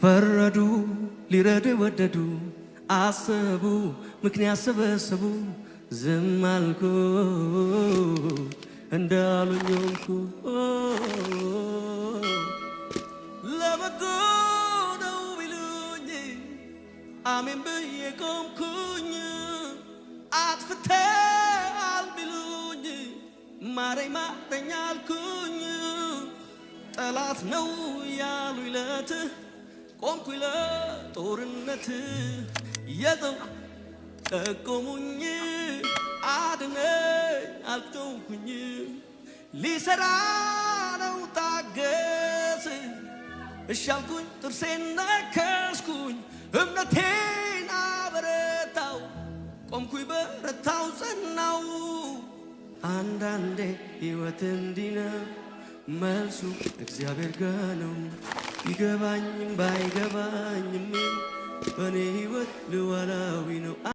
ፈረዱ ሊረዱ ወደዱ አሰቡ ምክንያት ሰበሰቡ ዝም አልኩ እንዳሉኝ ሆንኩ ለበጎ ነው ቢሉኝ አሜን ብዬ ቆምኩኝ አጥፍተሃል ቢሉኝ ማረኝ ማረኝ አልኩኝ ጠላት ነው ያሉ ይለትህ ቆምኩኝ ለጦርነት የጠው ጠቆሙኝ አድነኝ አልተውኩኝ ሊሰራ ነው ታገስ እሻልኩኝ ጥርሴን ነከስኩኝ እምነቴን አበረታው ቆምኩኝ በረታው ጸናው አንዳንዴ ሕይወት እንዲነ መልሱ እግዚአብሔር ጋ ነው። ይገባኝም ባይገባኝም በኔ ህይወት ልዋላዊ ነው።